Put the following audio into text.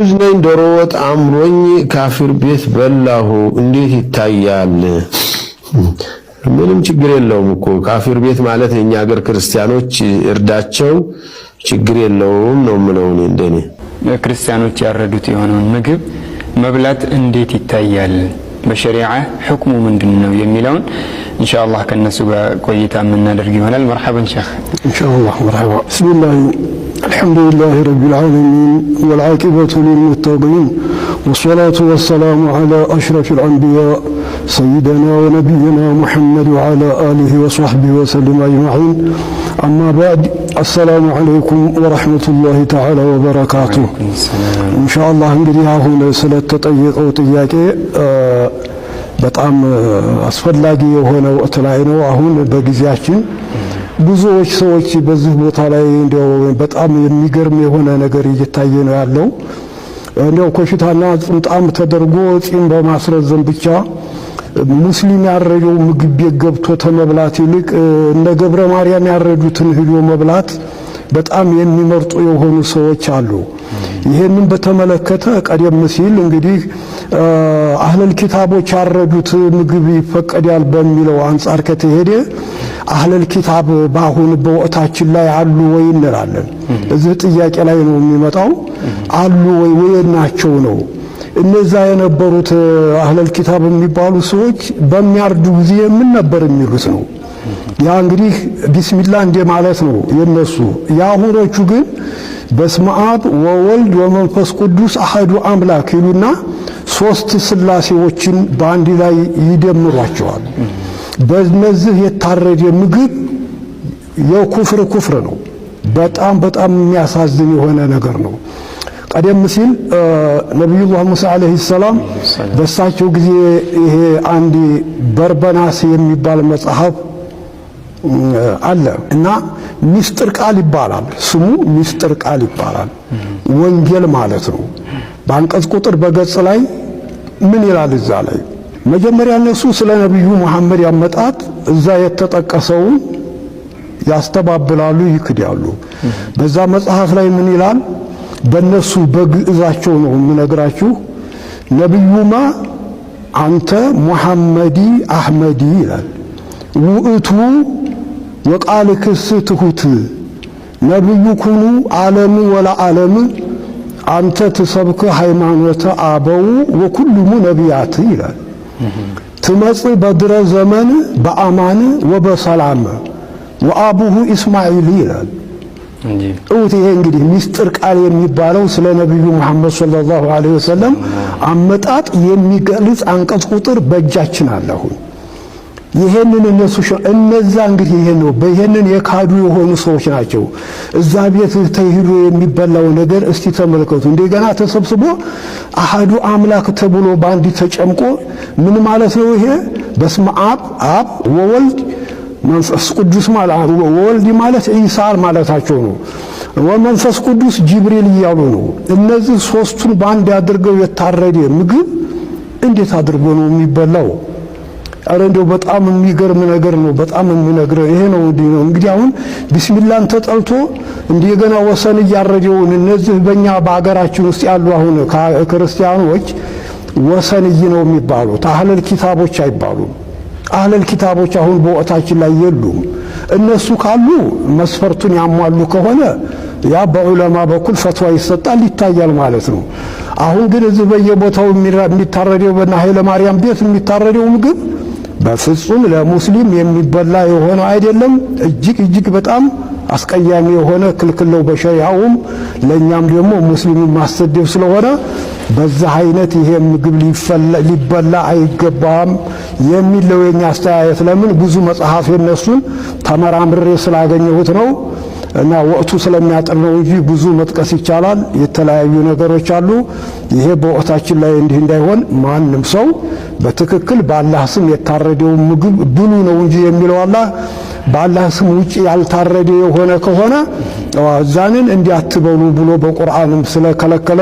እርጉዝ ነኝ፣ ዶሮ ወጥ አምሮኝ ካፊር ቤት በላሁ። እንዴት ይታያል? ምንም ችግር የለውም እኮ ካፊር ቤት ማለት የኛ ሀገር ክርስቲያኖች እርዳቸው፣ ችግር የለውም ነው ምለው። እኔ እንደኔ ክርስቲያኖች ያረዱት የሆነውን ምግብ መብላት እንዴት ይታያል? በሸሪዓ ሕክሙ ምንድን ነው የሚለውን ኢንሻአላህ ከነሱ ጋር ቆይታ የምናደርግ ይሆናል። መርሐበን ሼህ ኢንሻአላህ መርሐባ الحمد لله رب العالمين والعاقبة للمتقين والصلاة والسلام على أشرف الأنبياء سيدنا ونبينا محمد وعلى آله وصحبه وسلم أجمعين أما بعد السلام عليكم ورحمة الله تعالى وبركاته إن شاء الله እንግዲህ تطيق أو ጥያቄ بطعم أسفل የሆነ هنا ላይ ነው አሁን በጊዜያችን ብዙዎች ሰዎች በዚህ ቦታ ላይ እንዲያው በጣም የሚገርም የሆነ ነገር እየታየ ነው ያለው። እንዲያው ኮሽታና ጥምጣም ተደርጎ ጺም በማስረዘም ብቻ ሙስሊም ያረጀው ምግብ ቤት ገብቶ ተመብላት ይልቅ እነ ገብረ ማርያም ያረጁትን ሂዶ መብላት በጣም የሚመርጡ የሆኑ ሰዎች አሉ። ይሄንን በተመለከተ ቀደም ሲል እንግዲህ አህለል ኪታቦች ያረጁት ምግብ ይፈቀዳል በሚለው አንጻር ከተሄደ አህለል ኪታብ በአሁን በወቅታችን ላይ አሉ ወይ እንላለን። እዚህ ጥያቄ ላይ ነው የሚመጣው። አሉ ወይ ወይ ናቸው ነው እነዛ የነበሩት አህለል ኪታብ የሚባሉ ሰዎች በሚያርዱ ጊዜ ምን ነበር የሚሉት ነው። ያ እንግዲህ ቢስሚላ እንደ ማለት ነው የነሱ። የአሁኖቹ ግን በስመ አብ ወወልድ ወመንፈስ ቅዱስ አህዱ አምላክ ይሉና ሶስት ስላሴዎችን በአንድ ላይ ይደምሯቸዋል። በነዚህ የታረደ ምግብ የኩፍር ኩፍር ነው። በጣም በጣም የሚያሳዝን የሆነ ነገር ነው። ቀደም ሲል ነቢዩላህ ሙሳ ዓለይሂ ሰላም በእሳቸው ጊዜ ይሄ አንድ በርበናስ የሚባል መጽሐፍ አለ እና ሚስጥር ቃል ይባላል። ስሙ ሚስጥር ቃል ይባላል። ወንጌል ማለት ነው። በአንቀጽ ቁጥር በገጽ ላይ ምን ይላል እዛ ላይ መጀመሪያ እነሱ ስለ ነቢዩ መሐመድ ያመጣት እዛ የተጠቀሰውን ያስተባብላሉ፣ ይክዳሉ። በዛ መጽሐፍ ላይ ምን ይላል? በእነሱ በግዕዛቸው ነው የምነግራችሁ። ነቢዩማ አንተ ሙሐመዲ አህመዲ ይላል። ውእቱ ወቃል ክስ ትሁት ነቢዩ ኩኑ ዓለም ወላ ዓለም አንተ ትሰብክ ሃይማኖተ አበው ወኩሉሙ ነቢያት ይላል። ትመጽእ በድረ ዘመን በአማን ወበሰላም ወአቡሁ ኢስማኤል ይላል። እውት ይሄ እንግዲህ ሚስጥር ቃል የሚባለው ስለ ነቢዩ ሙሐመድ ሰለላሁ ዐለይሂ ወሰለም አመጣጥ የሚገልጽ አንቀጽ ቁጥር በእጃችን አለሁን ይሄንን እነሱ እነዛ እንግዲህ ይሄን ነው በይሄንን የካዱ የሆኑ ሰዎች ናቸው። እዛ ቤት ተሂዶ የሚበላው ነገር እስቲ ተመልከቱ። እንደገና ተሰብስቦ አሃዱ አምላክ ተብሎ በአንድ ተጨምቆ ምን ማለት ነው? ይሄ በስመ አብ አብ ወወልድ መንፈስ ቅዱስ ማለት ወወልድ ማለት ኢሳር ማለታቸው ነው። ወመንፈስ ቅዱስ ጅብሪል እያሉ ነው። እነዚህ ሶስቱን በአንድ አድርገው የታረደ ምግብ እንዴት አድርጎ ነው የሚበላው? አረ እንደው በጣም የሚገርም ነገር ነው። በጣም የሚነግረው ይሄ ነው ነው እንግዲህ አሁን ቢስሚላን ተጠልቶ እንደገና ወሰን እያረጀውን እነዚህ በእኛ በሀገራችን ውስጥ ያሉ አሁን ክርስቲያኖች ወሰንይ ነው የሚባሉት። አህለል ኪታቦች አይባሉም። አህለል ኪታቦች አሁን በወቅታችን ላይ የሉም። እነሱ ካሉ መስፈርቱን ያሟሉ ከሆነ ያ በዑለማ በኩል ፈትዋ ይሰጣል፣ ይታያል ማለት ነው። አሁን ግን እዚህ በየቦታው የሚታረደው በና ኃይለ ማርያም ቤት የሚታረደው ምግብ በፍጹም ለሙስሊም የሚበላ የሆነ አይደለም። እጅግ እጅግ በጣም አስቀያሚ የሆነ ክልክል ነው በሸሪዓውም ለእኛም ደግሞ ሙስሊምን ማሰደብ ስለሆነ በዛ አይነት ይሄ ምግብ ሊበላ አይገባም የሚለው የኛ አስተያየት። ለምን ብዙ መጽሐፍ የነሱን ተመራምሬ ስላገኘሁት ነው እና ወቅቱ ስለሚያጥር ነው እንጂ ብዙ መጥቀስ ይቻላል። የተለያዩ ነገሮች አሉ። ይሄ በወቅታችን ላይ እንዲህ እንዳይሆን ማንም ሰው በትክክል በአላህ ስም የታረደው ምግብ ብሉ ነው እንጂ የሚለው አላህ በአላህ ስም ውጭ ያልታረደ የሆነ ከሆነ እዋዛንን እንዲያትበሉ ብሎ በቁርአንም ስለከለከለ